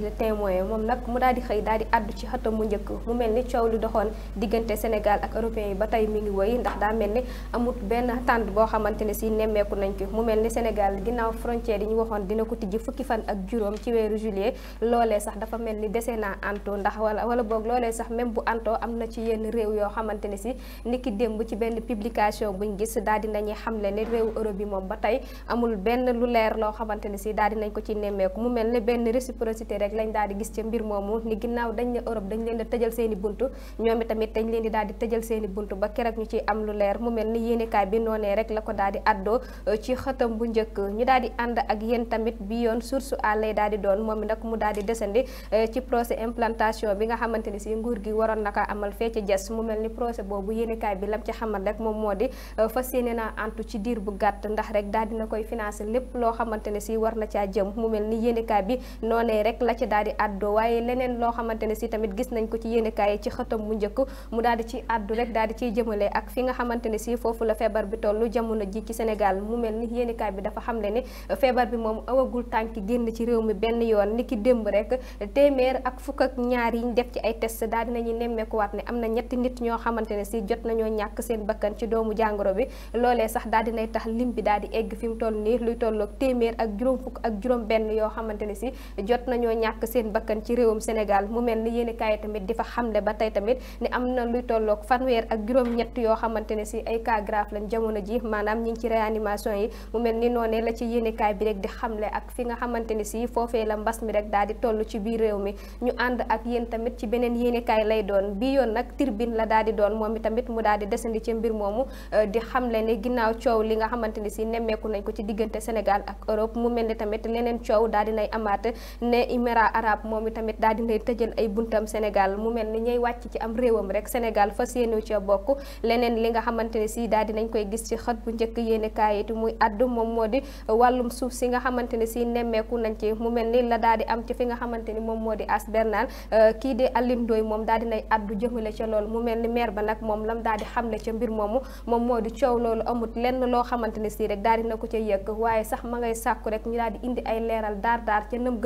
le moom nag mu daal di xëy daal di àddu ci xatam mu njëkk mu mel ni coow lu doxoon diggante Sénégal ak européens yi ba tey mi ngi woy ndax daa mel ni amut benn tànd boo xamante ne si nemmeeku nañ ko mu mel ni Sénégal ginnaaw frontière yi ñu waxoon dina ko tijji fukki fan ak juróom ci weeru juillet sax dafa mel ni dese naa anto ndax wala wala boog loolee sax même bu anto am na ci yenn réew yoo xamante ne si niki démb ci benn publication buñ gis daal di nañuy xamle ne réewu Europe bi moom ba tey amul benn lu leer loo xamante ne si daal di nañ ko ci nemmeeku mu mel ni benn réciprocité rek lañ daal di gis ci mbir moomu ni ginnaaw dañ ne Europe dañ leen di tëjal seen i buntu ñoom itamit dañ leen di daal di tëjal seen i ba keroog ñu ci am lu leer mu mel ni yéenekaay daal di addoo euh, ci xëtam tamit bi yoon source a lay daal di doon moom nag mu daal di desandi euh, ci procès implantation bi nga xamante ni si nguur gi waroon na ko fee ci jes mu mel ni procès boobu yéenekaay bi lam ci xamal rek moom moo di euh, fas yéene naa antu ci diir bu gàtt ndax rek daal dina koy financer lépp loo xamante ne si war na caa jëm bi noonee rek la ci daal di àddoo waaye leneen loo xamante ne si tamit gis nañ ko ci yéenekaay yi ci xëtam mu njëkk mu daal di ci àddu rek daal di ciy jëmale ak fi nga xamante ne si foofu la feebar bi toll jamono ji ci Sénégal mu mel ni yéenekaay bi dafa xamle ne feebar bi moom awagul tànki génn ci réew mi benn yoon ni ki démb rek téeméer ak fukk ak ñaar yi def ci ay test daal dinañu nemmeekuwaat ne am na ñetti nit ñoo xamante ne si jot nañoo ñàkk seen bakkan ci doomu jàngoro bi loolee sax daal nay tax lim bi daal di egg fi mu toll nii luy tolloog téeméer ak juróom fukk juróom benn yoo xamante ne si ñàkk seen bakkan ci réewum Sénégal mu mel ni yéen kaay tamit di fa xamle ba tey tamit ni am na luy tolloog fanweer ak juróom-ñett yoo xamante ne si ay cas grave lañ jamono ji maanaam ñi ngi ci réanimation yi mu mel ni noonee la ci yéen kaay bi rek di xamle ak fi nga xamante ne si foofee la mbas mi rek daal di toll ci biir réew mi ñu ànd ak yéen tamit ci beneen yéen kaay lay doon bii yoon nag tribune la daal di doon moom i tamit mu daal di desandi ci mbir moomu euh, di xamle ni ginnaaw coow li nga xamante ne si nemmeeku nañ ko ci diggante Sénégal ak Europe mu mel ni tamit leneen coow daal diaspora arabe moom i tamit daal dinay tëjal ay buntam Sénégal mu mel ni ñuy wàcc ci am réewam rek Sénégal fas yéene ci bokk leneen li nga xamante ne si daal dinañ koy gis ci xët bu njëkk yéene kaay it muy addu moom moo di wàllum suuf si nga xamante ne si nemmeeku nañ ci mu mel ni la daal di am ci fi nga xamante ni moom moo di as bernal euh, kii di Alioune Ndoye moom daal dinay addu jëmale ca lool mu mel ni meer ba nag moom lam daal di xamle ca mbir moomu moom moo di coow loolu amut lenn loo xamante ne si rek dal dina ko ca yëkk waaye sax ma ngay sàkku rek ñu daal di indi ay leeral daar daar ca nam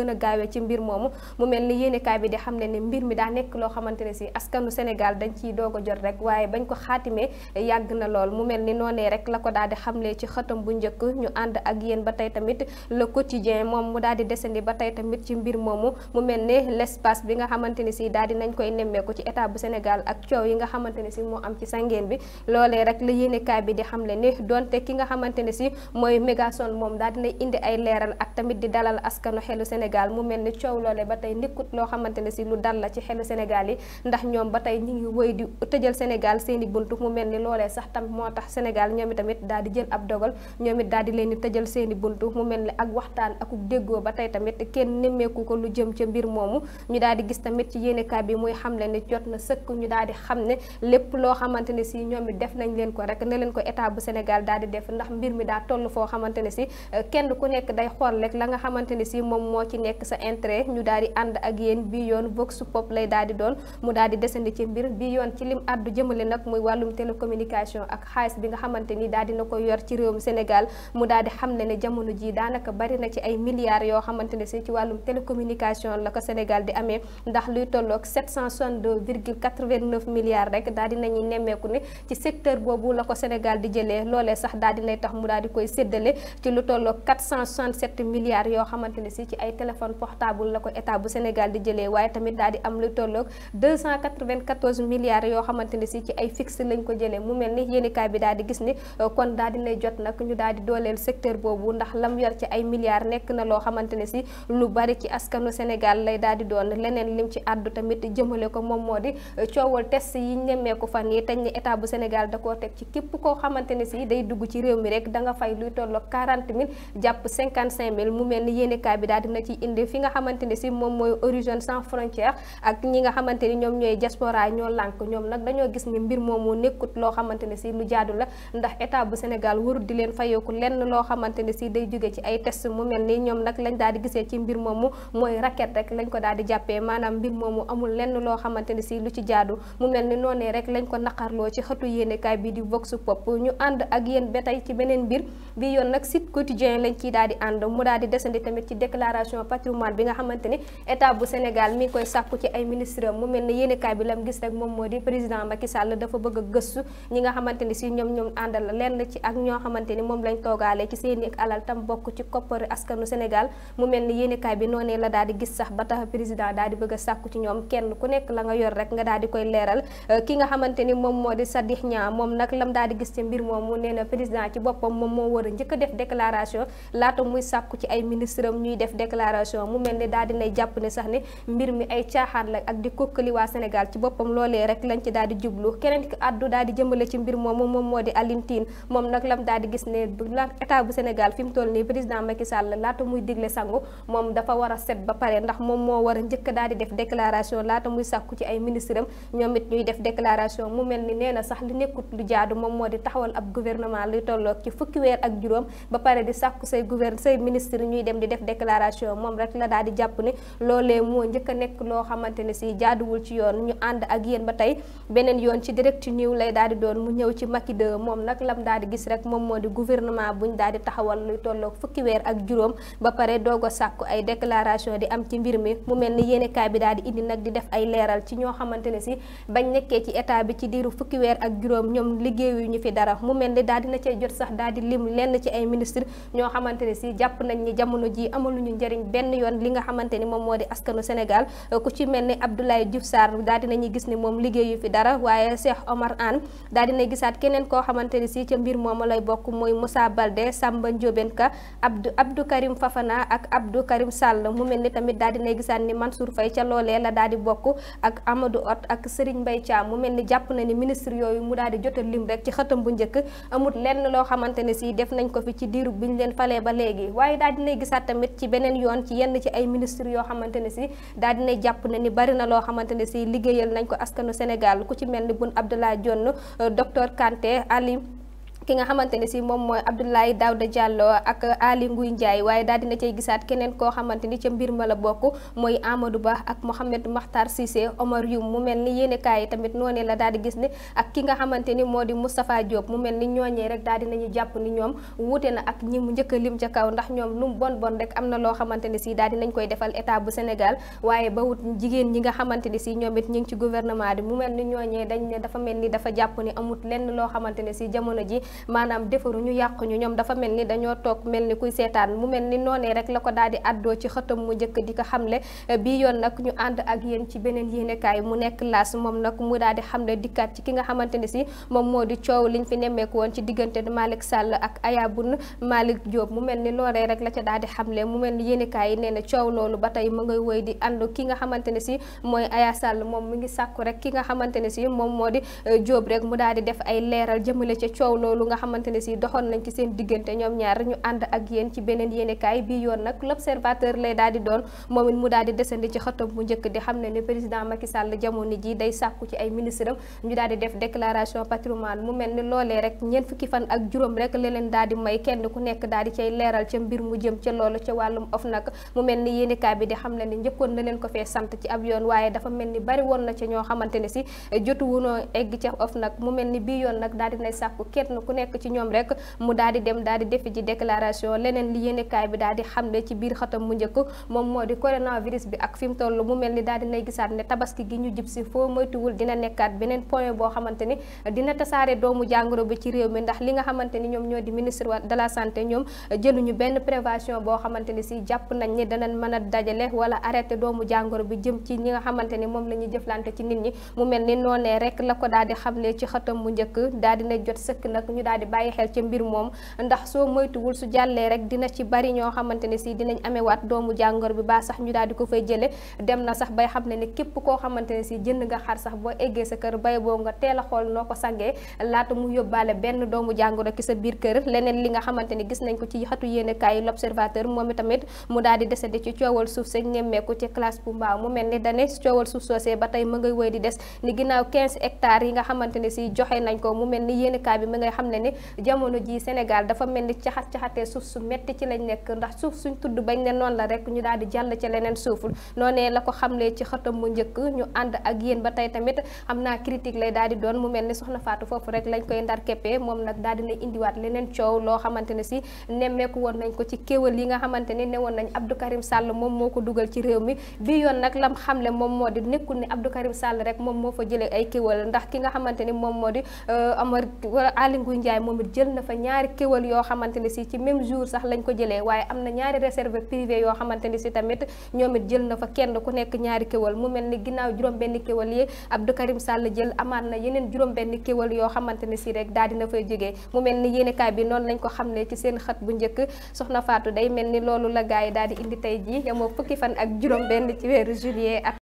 moomu mu mel ni yéenekaay bi di xam ne ni mbir mi daa nekk loo xamante ne si askanu Sénégal dañ ciy doog a jot rek waaye bañ ko xaatimee yàgg na lool mu mel ni noonee rek la ko daal di xamlee ci xëtam bu njëkk ñu ànd ak yéen ba tey tamit le quotidien moom mu daal di desandi ba tey tamit ci mbir moomu mu mel ni l'espace bi nga xamante ne si daal di nañ koy nemmeeku ci état bu Sénégal ak coow yi nga xamante ne si moo am ci sangeen bi loolee rek la yéenekaay bi di xamle ni donte ki nga xamante ne si mooy mégason moom daal dinay indi ay leeral ak tamit di dalal askanu xelu Sénégal mu mel ni coow loole ba tey nekkut loo xamante ne si lu dal la ci xelu Sénégal yi ndax ñoom ba tey ñu ngi wëy di tëjal Sénégal seen i buntu mu mel ni loole sax tam moo tax Sénégal ñoom itamit daal di jël ab dogal ñoom it daal di leen di tëjal seen i buntu mu mel ni ak waxtaan ak déggoo ba tey tamit kenn nemmeeku ko lu jëm ca mbir moomu ñu daal di gis tamit ci yéenekaay bi muy xamle ne jot na sëkk ñu daal di xam ne lépp loo xamante ne si ñoom def nañ leen ko rek ne leen ko état bu Sénégal daal di def ndax mbir mi daa toll foo xamante ne si eh, kenn ku nekk day xool rek la nga xamante si moom moo ci nekk sa intérêt tere ñu daal di ànd ak yéen bi yoon vox pop lay daal di doon mu daal desandi ci mbir bi yoon ci lim addu jëmale nag muy wàllum télécommunication ak xaalis bi nga xamante ni daal dina ko yor ci réewum Sénégal mu daal di xam ne ne jamono ji daanaka bari na ci ay milliards yoo xamante ne si ci wàllum télécommunication la ko Sénégal di amee ndax luy tolloog 762 virgule 89 milliards rek daal dinañuy nemmeeku ne ci secteur boobu la ko Sénégal di jëlee loolee sax daal dinay tax mu daal di koy séddale ci lu tolloog 467 milliards yoo xamante la ko état bu Sénégal di jëlee waaye tamit daal di am lu tolloog 294 milliards yoo xamante ne si ci ay fixe lañ ko jëlee mu mel ni yéenikaay bi daal di gis ni euh, kon daal dinay jot nag ñu daal di dooleel secteur boobu ndax lam yor ci ay milliards nekk na loo xamante ne si lu bari ci askanu Sénégal lay daal di doon leneen lim ci àddu tamit jëmale ko moom moo di euh, coowal test yi ñemee ko fan yi teñ état bu Sénégal da koo teg ci képp koo xamante ne si day dugg ci réew mi rek da nga fay luy tolloog 40 000 jàpp 55 000 mu mel ni yéenikaay bi daal dina ci indi fi nga xamante xamante ni si moom mooy Horizon sans frontières ak ñi nga xamante ni ñoom ñooy diaspora mu mel ni ñoom nag lañ daal di gisee ci mbir moomu mooy racket rek lañ ko daal di jàppee maanaam mbir moomu amul lenn loo xamante si lu ci jaadu mu mel ni noonee rek lañ ko naqarloo ci xëtu yéenekaay bi di Vox Pop ñu ànd ak yéen ba ci beneen mbir bi yoon nag site quotidien lañ ciy daal di ànd mu daal di desandi tamit ci déclaration patrimoine bi nga xamante ni état bu Sénégal mi koy sàkku ci ay ministre mu mel ne yéenekaay bi lam gis rek a noonee la daal di gis sax ba tax président daal di bëgg a sàkku ci ñoom kenn ku nekk la nga yor rek nga daal di koy leeral euh, ki nga xamante moom moo di Sadikh Niang moom nag lam daal di gis ci mbir moomu nee na président ci boppam moom moo war a njëkk a def déclaration laata muy sàkku ci ay ministre am ñuy def déclaration mu mel ne daal di nay jàpp ne sax ne mbir mi ay caaxaan la ak di kokkali waa Sénégal ci boppam loolee rek lañ ci daal di jublu keneen ki addu daal di jëmale ci mbir moomu moom moo di Alioune Tine moom nag lam daal di gis ne la état bu Sénégal fi mu toll nii président Macky Sall laata muy digle sangu moom dafa war a set ba pare ndax moom moo war a njëkk daal di def déclaration laata muy sàkku ci ay ministre am ñoom it ñuy def déclaration mu mel ni nee na sax li nekkut lu jaadu moom moo di taxawal ab gouvernement luy tolloog ci fukki ak juróom ba pare di sàkku say gouverne say ministre ñuy dem di def déclaration jàpp ne loolee moo njëkk a nekk loo xamante ne si jaaduwul ci yoon ñu ànd ak yéen ba tey beneen yoon ci direct news lay daal di doon mu ñëw ci Macky moom nag lam daal di gis rek moom moo di gouvernement buñ daal di taxawal luy tolloog fukki weer ak juróom ba pare doog sàkku ay déclaration di am ci mbir mi mu mel ni yéenekaay bi daal di indi nag di def ay leeral ci ñoo xamante ne si bañ nekkee ci état bi ci diiru fukki weer ak juróom ñoom liggéeyu ñu fi dara mu mel ni daal dina cay jot sax daal di lim lenn ci ay ministre ñoo xamante ne si jàpp nañ ni jamono ji amaluñu njëriñ benn yoon li nga xamante ni moom moo di askanu Sénégal ku ci mel ni Abdoulaye Diouf Sarr daal dinañuy gisaat keneen koo xamante ni si ca mbir a lay bokk mooy Moussa Baldé Samba Ndiobène Ka Abdou Abdou Karim Fafana ak Abdou Karim Sall mu mel ni tamit daal dinay gisaat ni Mansour Faye ca loolee la daal di bokk ak Amadou Hott ak Serigne Mbaye Thiam mu mel ni jàpp na ni ministre yooyu mu daal di jotal lim rek ci xëtam bu njëkk amut lenn loo xamante ne si def nañ ko fi ci diiru bi ñu leen falee ba léegi waaye daal dinay ministre yoo xamante ne si daal dina jàpp na ni bari na loo xamante ne si liggéeyal nañ ko askanu Sénégal ku ci mel ni Boun Abdallah jonn euh, docteur Kanté Ali ki nga xamante ne si moom mooy Abdoulaye Daouda Diallo ak Ali Nguy Ndiaye waaye daal ni ca mbir ma la bokk mooy Amadou Ba ak Mohamed yi tamit noonee la daal di gis ne ak ki nga ni moo di Moustapha mu mel ni ñooñee rek daal dinañu jàpp ni ñoom wuute na ak ñi mu njëkk a lim ca kaw ndax ñoom lu mu bon bon rek am na loo xamante ne si daal dinañ koy defal état bu Sénégal waaye ba wut jigéen ñi nga xamante ni si ñoom it ñu ngi ci gouvernement bi mu mel ni ñooñee dañ dafa mel ni dafa jàpp ni amut lenn loo xamante ne si jamono ji maanaam defaruñu yàquñu ñoom dafa mel ni dañoo toog mel ni kuy seetaan mu mel ni noonee rek la ko daal di addoo ci xëtam mu njëkk di ko xamle bii yoon nag ñu ànd ak yéen ci beneen yéenekaay mu nekk laas moom nag mu daal di xamle dikkaat ci ki nga xamante ne si moom moo di coow liñ fi nemmeeku ci diggante Malick Sall ak Ayaboun Malick Diop mu mel ni loolee rek la ca daal di xamle mu mel ni yéenekaay yi nee na coow loolu ba tey ma ngay woy di ànd ki nga xamante ne si mooy Aya Sall moom mu ngi sàkku rek ki nga xamante ne si moom moo di eh, Diop rek mu daal di def ay leeral jëmale ci coow loolu lu nga xamante ne si doxoon nañ ci seen diggante ñoom ñaar ñu ànd ak yéen ci beneen yéenekaay bi yoon nag l'observateur lay di doon moom it mu daal di desandi ci xëtam bu njëkk di xam ne ne président Macky Sall jamono ji day sàkku ci ay ministre am ñu daal di def déclaration patrimoine mu mel ni loolee rek ñeent fukki fan ak juróom rek la leen daal di may kenn ku nekk daal di cay leeral ca mbir mu jëm ca loolu ca wàllum of nag mu mel ni yéenekaay bi di xam ne ni njëkkoon na leen ko fee sant ci ab yoon waaye dafa mel ni bari woon na ca ñoo xamante ne si jotu wunoo egg ca of nag mu mel ni bii yoon nag daal nay sàkku kenn ku ku nekk ci ñoom rek mu daal di dem daal di defi ji déclaration leneen li yéenekaay bi daal xamle ci biir xatam mu njëkk moom moo di coronavirus bi ak fi mu toll mu mel ni daal di nay gisaat ne tabaski gi ñu jub si foo moytuwul dina nekkaat beneen mi ndax li nga xamante ni ñoom ñoo di ministre de la santé ñoom jëluñu benn prévention boo xamante ni si jàpp nañ ni danañ mën a dajale wala arrêté doomu jàngoro bi jëm ci ñi nga xamante ni moom la ñuy jëflante ci nit ñi mu mel ni noonee rek la ko daal mu njëkk daal dina jot sëkk nag ñu ñu daal di bàyyi xel ci mbir moom ndax soo moytuwul su jàllee rek dina ci bari ñoo xamante ne si dinañ amewaat doomu jàngor bi baa sax ñu daal di ko fay jële dem na sax bay xam ne ni képp koo xamante ne si jënd nga xar sax boo eggee sa kër bay boo nga teel a xool noo ko sangee laata mu yóbbaale benn doomu jàngoro ki sa biir kër leneen li nga xamante ni gis nañ ko ci xatu yéene kaay l'observateur moom itamit mu daal di décédé ci coowal suuf sa nemmeeku ci classe bu mbaaw mu mel ni dane coowal suuf soosee ba tey ma ngay wëy di des ni ginnaaw 15 yi nga xamante ne si joxe nañ ko mu mel ni yéene bi ne ni jamono ji Sénégal dafa mel ni caxat caxatee suuf su metti ci lañ nekk ndax suuf suñ tudd bañ ne noonu la rek ñu daal di jàll ci leneen suuful noonee la ko xamlee ci xëtam mu njëkk ñu ànd ak yéen ba tey tamit xam naa critique lay daal di doon mu mel ni soxna Fatou foofu rek lañ koy ndar keppee moom nag daal dina indiwaat leneen coow loo xamante ne si nemmeeku woon nañ ko ci kéwal yi nga xamante ni ne woon nañ Abdou Karim sàll moom moo ko dugal ci réew mi bi yoon nag lam xamle moom moo di nekkul ni Abdou Karim Sall rek moom moo fa jëlee ay kéwal ndax ki nga xamante ni moom moo di euh, Amar wala Aly Ndiaye moom it jël na fa ñaari kéwal yoo xamante ne si ci même jour sax lañ ko jëlee waaye am na ñaari réserve privé yoo xamante ne si tamit ñoom it jël na fa kenn ku nekk ñaari kéwal mu mel ni ginnaaw juróom-benn kéwal yi Abdou Karim Sall jël amaat na yeneen juróom-benn kéwal yoo xamante ne si rek daal dina fay jógee mu mel ni yéenekaay bi noonu lañ ko xam ne ci seen xët bu njëkk soxna Fatou day mel ni loolu la gars yi daal di indi tey jii yamoo fukki fan ak juróom-benn